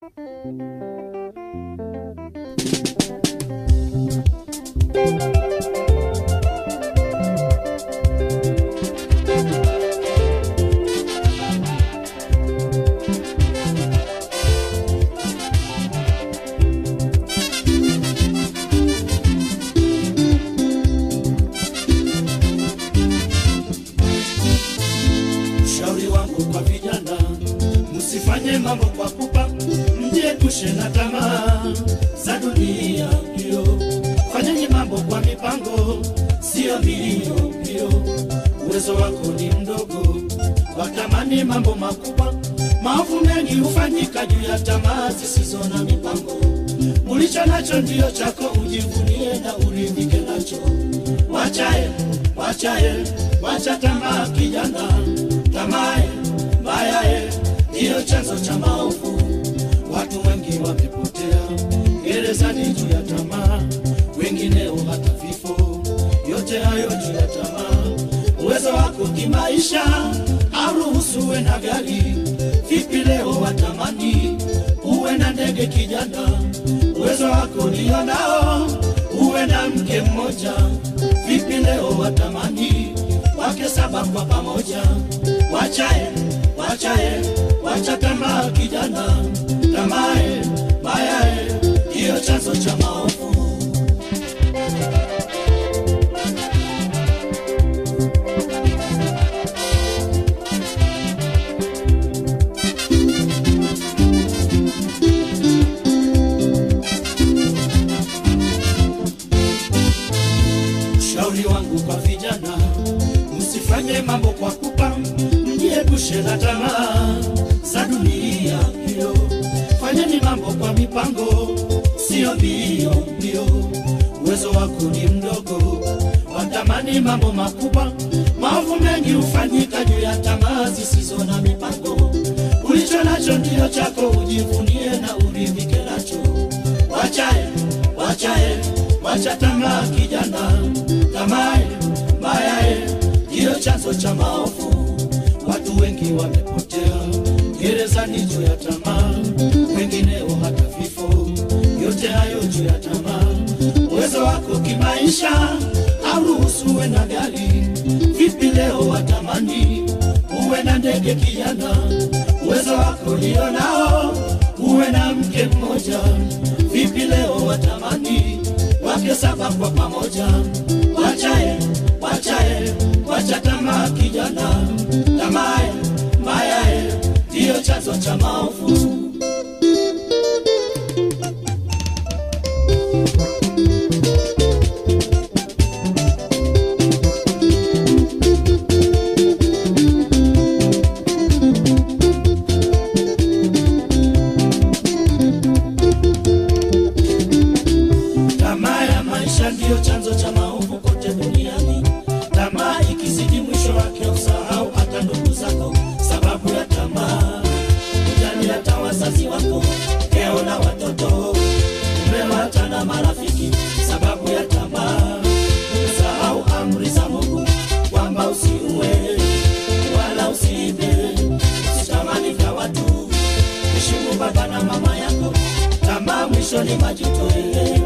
Thank you. Tufanye mambo kwa pupa, mjiepushe na tamaa za dunia mbio. Fanyeni mambo kwa mipango, sio mbio mbio. Uwezo wako ni mdogo, watamani mambo makubwa. Maovu mengi hufanyika juu ya tamaa zisizo na mipango. Ulicho nacho ndiyo chako, ujivunie na uridhike nacho. Wachae, wachae, wacha tamaa kijana, tamae mbayae ndiyo chanzo cha maovu. Watu wengi wamepotea gerezani juu ya tamaa, wengineo hata vifo. Yote hayo juu ya tamaa, uwezo wako kimaisha auruhusu uwe na gari. Vipi leo watamani uwe na ndege kijana? Uwezo wako ndio nao uwe na mke mmoja. Vipi leo watamani wake saba kwa pamoja? Wachae, wachae Acha tamaa kijana, tamaa mbaya ndiyo chanzo cha maovu. Ushauri wangu kwa vijana, msifanye mambo kwa kupa, mjiepushe na tamaa mpango, sio mbio mbio. Uwezo wako ni mdogo, watamani mambo makubwa. Maovu mengi hufanyika juu ya tamaa zisizo na mipango. Ulicho nacho ndio chako, ujivunie na uridhike nacho. Wachae, wachae, wacha tamaa kijana, tamaa mbaya ndiyo chanzo cha maovu. Watu wengi wamepotea gereza juu ya tamaa. maisha aruhusu uwe na gari, vipi leo watamani uwe na ndege kijana, uwezo wako ulio nao uwe na mke mmoja, vipi leo watamani wake saba kwa pamoja, wachae wachae wacha tamaa kijana, tamae mbayae ndiyo chanzo cha maofu na marafiki, sababu ya tamaa. Umesahau amri za Mungu kwamba usiue wala usiibe, usitamani vya watu, heshimu baba na mama yako. Tamaa mwisho ni majuto.